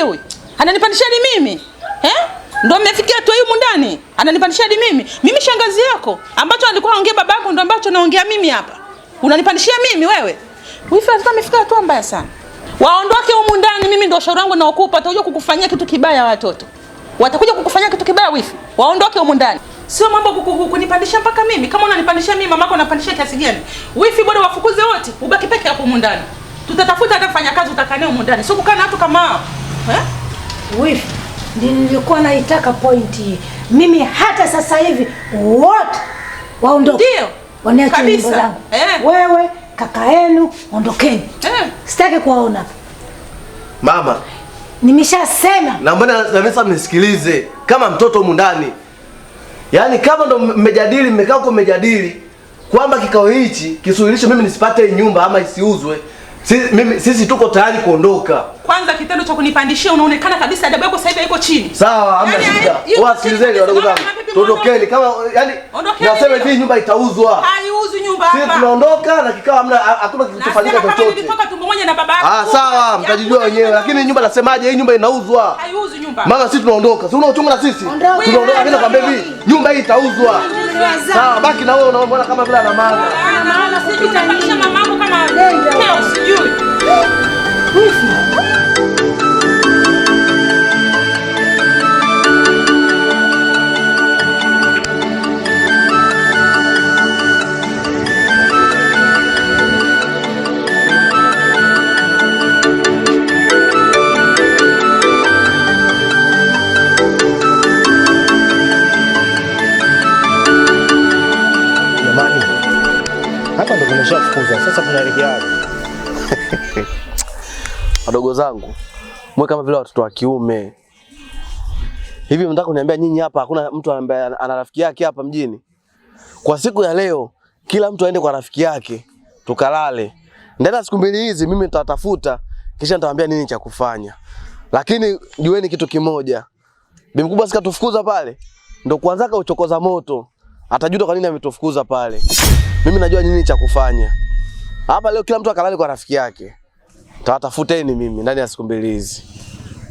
Anafanyaje huyu? Ananipandisha hadi mimi? Eh? Ndio mmefikia hatua hii mundani? hadi mimi? Mimi shangazi yako ambacho alikuwa anaongea babangu ndio ambacho naongea mimi hapa. Unanipandishia mimi wewe? Wifi hata amefika hatua mbaya sana. Waondoke humu ndani, mimi ndio shauri wangu naokupa. Watakuja kukufanyia kitu kibaya watoto. Watakuja kukufanyia kitu kibaya wifi. Waondoke humu ndani. Sio mambo kunipandisha mpaka mimi. Kama unanipandisha mimi, mamako anapandisha kiasi gani? Wifi bora wafukuze wote, ubaki peke yako humu ndani. Tutatafuta hata kufanya kazi utakaa naye humu ndani. Sio kukaa na watu kama hao. Wifi, nilikuwa naitaka pointi hii mimi, hata sasa hivi wote waondoke, waniache nyimbo zangu. Eh. Wewe kaka yenu ondokeni, eh. sitaki kuwaona. Mama, nimeshasema. Na mbona sasa mnisikilize kama mtoto humu ndani? Yaani kama ndo mmejadili, mmekaa huko mmejadili kwamba kikao hichi kisuluhisho mimi nisipate nyumba ama isiuzwe mimi, sisi tuko tayari kuondoka. Kwanza kitendo cha kunipandishia unaonekana kabisa adabu yako sasa hivi haiko chini. Sawa, hamna yaani, shida. Yaani, Wasikilizeni wadogo zangu. Tuondokeni kama yani nasema hii nyumba itauzwa. Haiuzwi nyumba hapa. Sisi tunaondoka na kikao hamna hakuna kilichofanyika chochote. Nilitoka tumbo moja na baba yako. Ah, sawa, yaani, mtajijua wenyewe. Lakini nyumba nasemaje? Hii nyumba inauzwa. Haiuzwi nyumba. Maana sisi tunaondoka. Si unaochunga na sisi? Tunaondoka bila nakwambia hivi nyumba hii itauzwa. Sawa, baki na wewe unaona kama vile ana maana. Ana maana sisi tutapandisha mamangu Come no, you. wadogo zangu mwe kama vile watoto wa kiume hivi. Mnataka kuniambia nyinyi hapa hakuna mtu ambaye ana rafiki yake hapa mjini? Kwa siku ya leo kila mtu aende kwa rafiki yake tukalale. Ndani ya siku mbili hizi mimi nitatafuta kisha nitawaambia nini cha kufanya. Lakini jueni kitu kimoja. bibi mkubwa sikatufukuza pale. Ndio kwanza kauchokoza moto. Atajuta kwa nini ametufukuza pale. Mimi najua nini cha kufanya. Hapa leo kila mtu akalale kwa rafiki yake. Tawatafuteni mimi ndani ya siku mbili hizi.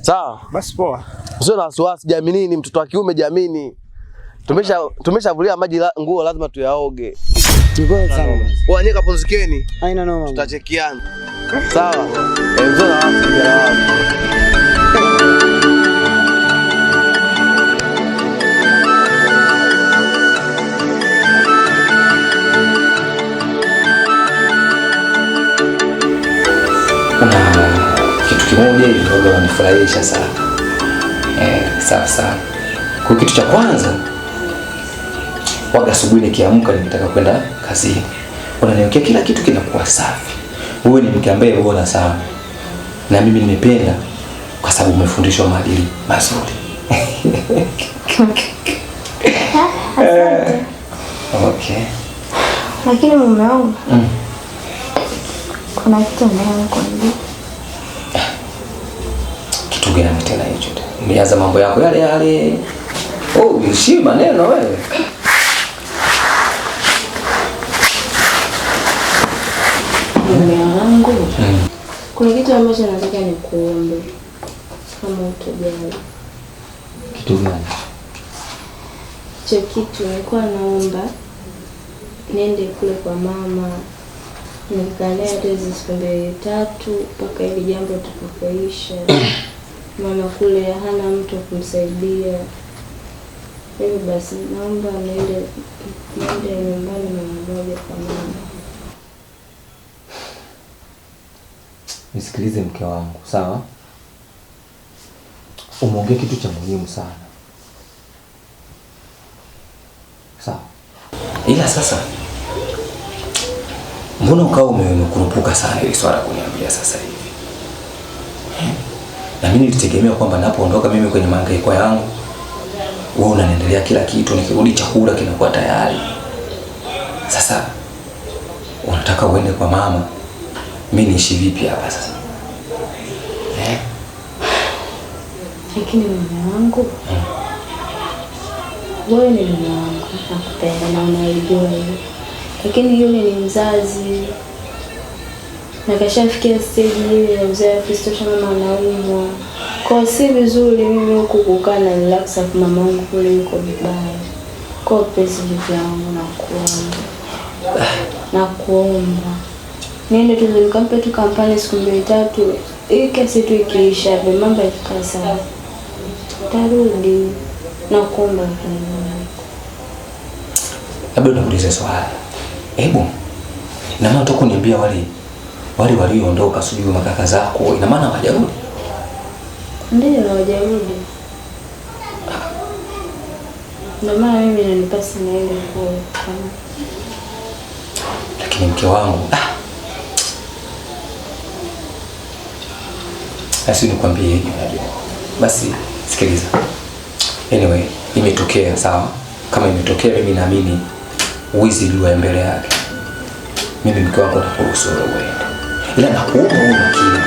Sawa? Basi poa. sio na wasiwasi, jaminini mtoto wa kiume jamini. Tumesha tumeshavulia maji la, nguo lazima tuyaoge. Tukoe sawa. Wanyie kapumzikeni. Haina noma. Tutachekiana. Sawa. Enzo eh, na wasiwasi. kimoja hivi ndio wanifurahisha sana. Eh, sawa sawa. Kwa kitu cha kwanza waga asubuhi nikiamka nikitaka kwenda kazini. unaniokea kila kitu kinakuwa safi. Wewe ni mke ambaye uona sana. Na mimi nimependa kwa sababu umefundishwa maadili mazuri. Okay. Lakini mume wangu. Mm. Kuna kitu mbaya kwa umeanza mambo yako yale yale. Oh, mshi maneno wewe. Mume wangu. Mm. Kuna kitu ambacho nataka nikuombe kama utojali. Kitu gani? Cho kitu nilikuwa naomba niende kule kwa mama nikalea hata hizi siku mbili tatu mpaka hili jambo tutakapoisha mama kule hana mtu kumsaidia. Hivyo basi naomba niende niende nyumbani na moja kwa mama. Nisikilize mke wangu, sawa? Umeongea kitu cha muhimu sana, sawa? Ila sasa mbona ukawa umekurupuka sana ili swala kuniambia sasa hivi? na mimi nilitegemea kwamba napoondoka mimi kwenye mahangaiko yangu, wewe unaendelea kila kitu, nikirudi chakula kinakuwa tayari. Sasa unataka uende kwa mama, mimi niishi vipi hapa sasa eh? Lakini mume wangu hmm. Wewe ni mume wangu, nakupenda na unaijua, hiyo, lakini yule ni mzazi nakashafikia stage ile ya uzeefu, sitosha mama kwa si vizuri mimi huku kukaa na relax, afu mama wangu kule yuko vibaya, kwa pesa vipi yangu na kuomba na kuomba niende tu nikampe tu kampani siku mbili tatu, hii kesi tu ikiisha, vile mambo yakikaa sawa tarudi na kuomba mfano. Labda nakuuliza swali, hebu na maana toka wale wale walioondoka, sijui makaka zako, ina maana hawajarudi? Ndio, hawajarudi. Ndio maana mimi nanipasi na ile Lakini mke wangu ah. Basi nikwambie hivi. Basi sikiliza. Anyway, imetokea sawa. Kama imetokea mimi naamini wizi liwe mbele yake. Mimi mke wako nakuruhusu uende ila nakuomba uwe makini.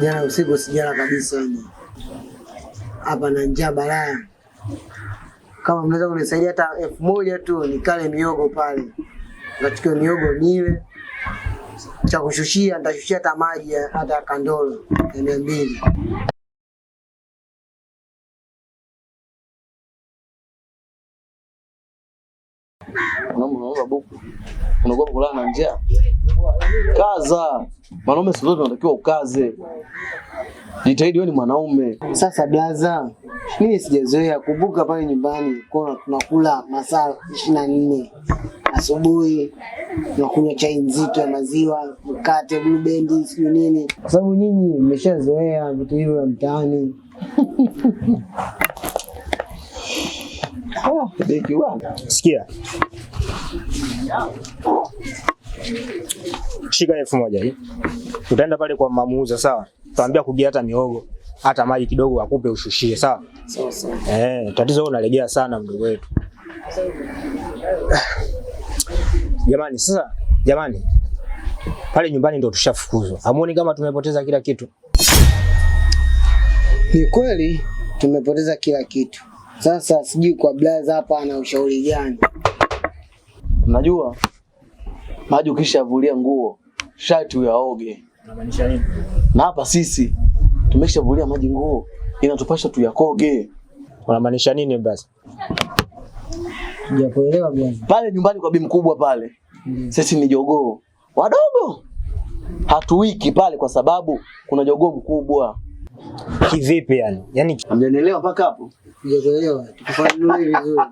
Jana usiku sijala kabisa hapa na njaa balaa. Kama mnaweza kunisaidia hata elfu moja tu nikale miogo pale, nachukua miogo nile cha kushushia, nitashushia hata maji hata kandolo ya mia mbili. utakuwa kulala na njaa. Kaza. Wanaume siku zote unatakiwa ukaze. Jitahidi wewe ni mwanaume. Sasa blaza, mimi sijazoea kubuka pale nyumbani kwa tunakula masaa 24. Asubuhi tunakunywa chai nzito ya maziwa, mkate, blue band, sio nini. Kwa sababu nyinyi mmeshazoea vitu hivyo vya mtaani. sikia, shika elfu moja hii, utaenda pale kwa mamuuza, sawa? Utaambia kugia hata miogo hata maji kidogo akupe ushushie, sawa? sawa. Eh, tatizo wewe unalegea sana mdogo wetu. Jamani, sasa jamani, pale nyumbani ndo tushafukuzwa. Hamuoni kama tumepoteza kila kitu? Ni kweli tumepoteza kila kitu sasa sijui kwa blaza hapa ana ushauri gani? Najua maji ukishavulia nguo shati uyaoge. Unamaanisha nini? Na hapa sisi tumeshavulia maji nguo, inatupasha tuyakoge. Unamaanisha nini basi? Sijakuelewa bwana. Pale nyumbani kwa bi mkubwa pale mm. Sisi ni jogoo wadogo, hatuiki pale kwa sababu kuna jogoo mkubwa Kivipi yani? Yani hamjaelewa mpaka hapo? Sijaelewa. Tukufafanulie vizuri.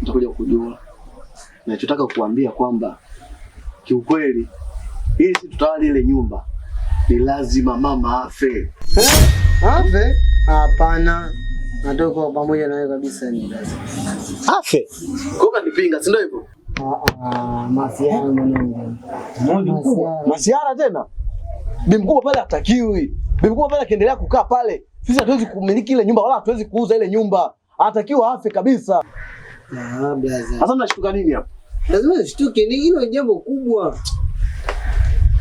Tutakuja kujua. Nachotaka kukuambia kwamba kiukweli ili si tutawali ile nyumba ni lazima mama afe. Afe? Hapana. Natoka pamoja na wewe kabisa ni lazima. Afe? Koka nipinga, si ndio hivyo? Ah, ah, masiara tena. Bi mkubwa pale atakiwi, Bi mkubwa pale akiendelea kukaa pale, sisi hatuwezi kumiliki ile nyumba wala hatuwezi kuuza ile nyumba, anatakiwa afe kabisa. Sasa mnashtuka nini hapa? Lazima shtuke, ni hilo jambo kubwa.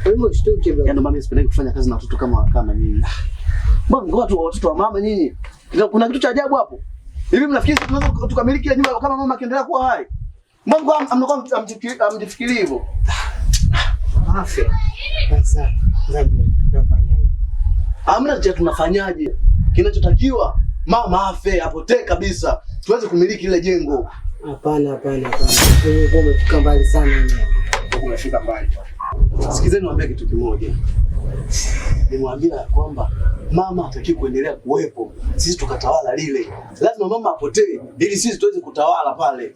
Lazima shtuke bro. Yaani mimi sipendaki kufanya kazi na watoto kama kama nyinyi. Mbona watu wa watoto wa mama nyinyi? Kuna kitu cha ajabu hapo. Hivi mnafikiri tunaweza tukamiliki ile nyumba kama mama akiendelea kuwa hai? Mungu amnakuwa amjifikiri hivyo. Amna cha tunafanyaje? Kinachotakiwa mama afe apotee kabisa, tuweze kumiliki ile jengo. Hapana, hapana, hapana. Wewe Umefika mbali sana. mimi. Wewe Umefika mbali. Sikizeni niwaambie kitu kimoja. Nimwambia ya kwamba mama hataki kuendelea kuwepo, sisi tukatawala lile. Lazima mama apotee ili sisi tuweze kutawala pale.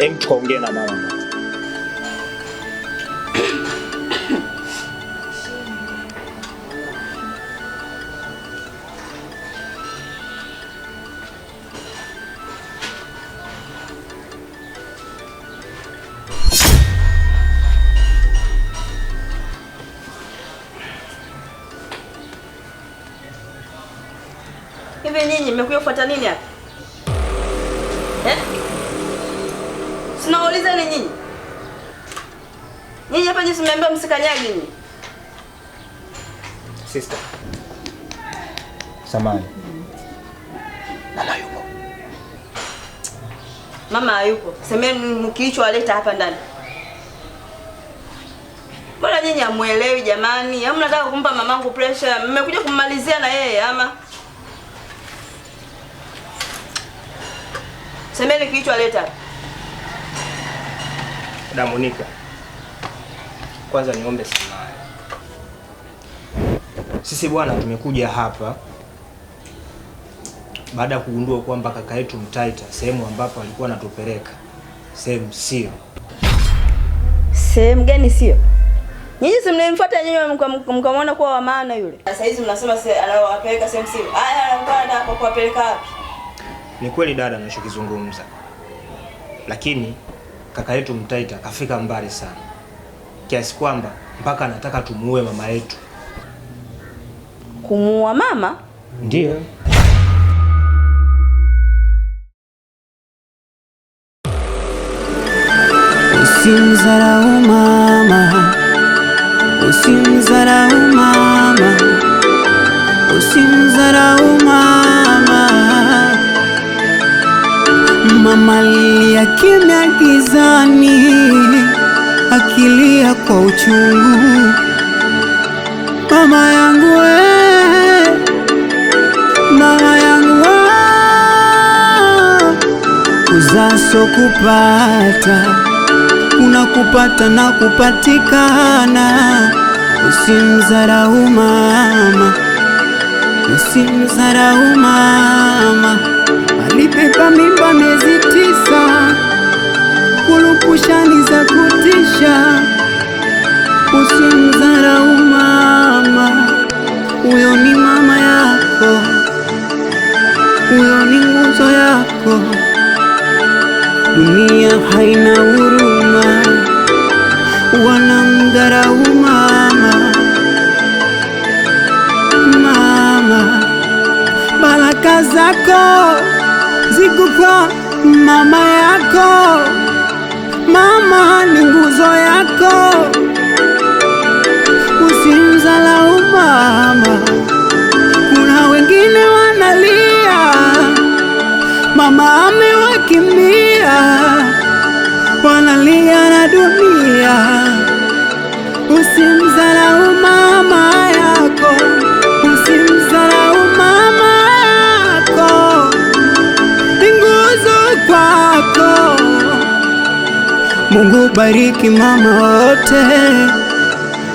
em en çok gelen alanlar. Hivi nyinyi mmekuja kufuata nini hapa? Eh? Sinauliza ni nyinyi. Nyinyi hapa jinsi mmeambiwa msikanyagi nyinyi. Sister. Samani. Mama yupo. Mama hayupo. Semeni mkilichowaleta hapa ndani. Mbona nyinyi hamwelewi jamani? Hamu nataka kumpa mamangu pressure. Mmekuja kummalizia na yeye ama? Semeni kilichowaleta hapa. Damunika, kwanza niombe samahani. Sisi bwana, tumekuja hapa baada ya kugundua kwamba kaka yetu Mtaita sehemu ambapo alikuwa anatupeleka sehemu sio sehemu gani, sio nyinyi, si mnamfuata nyinyi, mkamwona kuwa wa maana yule. Sasa hizi mnasema anawapeleka sehemu sio. Haya, alikuwa hapo kuwapeleka wapi? Ni kweli dada, anachokizungumza lakini kaka yetu Mtaita kafika mbali sana kiasi kwamba mpaka anataka tumuue mama yetu. Kumuua mama? Ndiyo. Usimdharau mama Mama ya kimya gizani, akilia kwa uchungu, mama yangu we, mama yangu we, kuzaa kupata, kuna kupata na kupatikana. Usimdharau mama, usimdharau mama Nilibeba mimba miezi tisa, kulupushani za kutisha. Usimdharau mama, huyo ni mama yako, huyo ni nguzo yako. Dunia haina huruma, wanamdharau mama. Mama, baraka zako yangu kwa mama yako, mama ni nguzo yako. Mungu bariki mama wote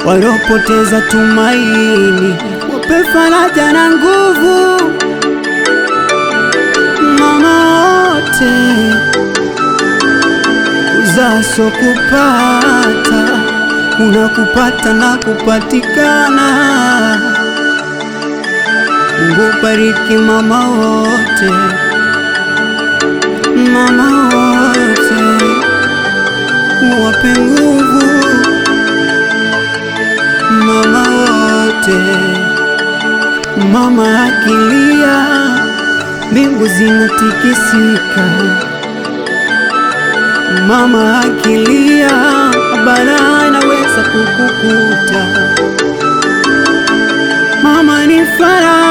waliopoteza tumaini, wape faraja na nguvu mama wote, uzaso kupata, kuna kupata na kupatikana. Mungu bariki mama wote nipe nguvu mama wote, mama akilia mbingu zinatikisika, mama akilia balaa inaweza kukukuta, mama ni fara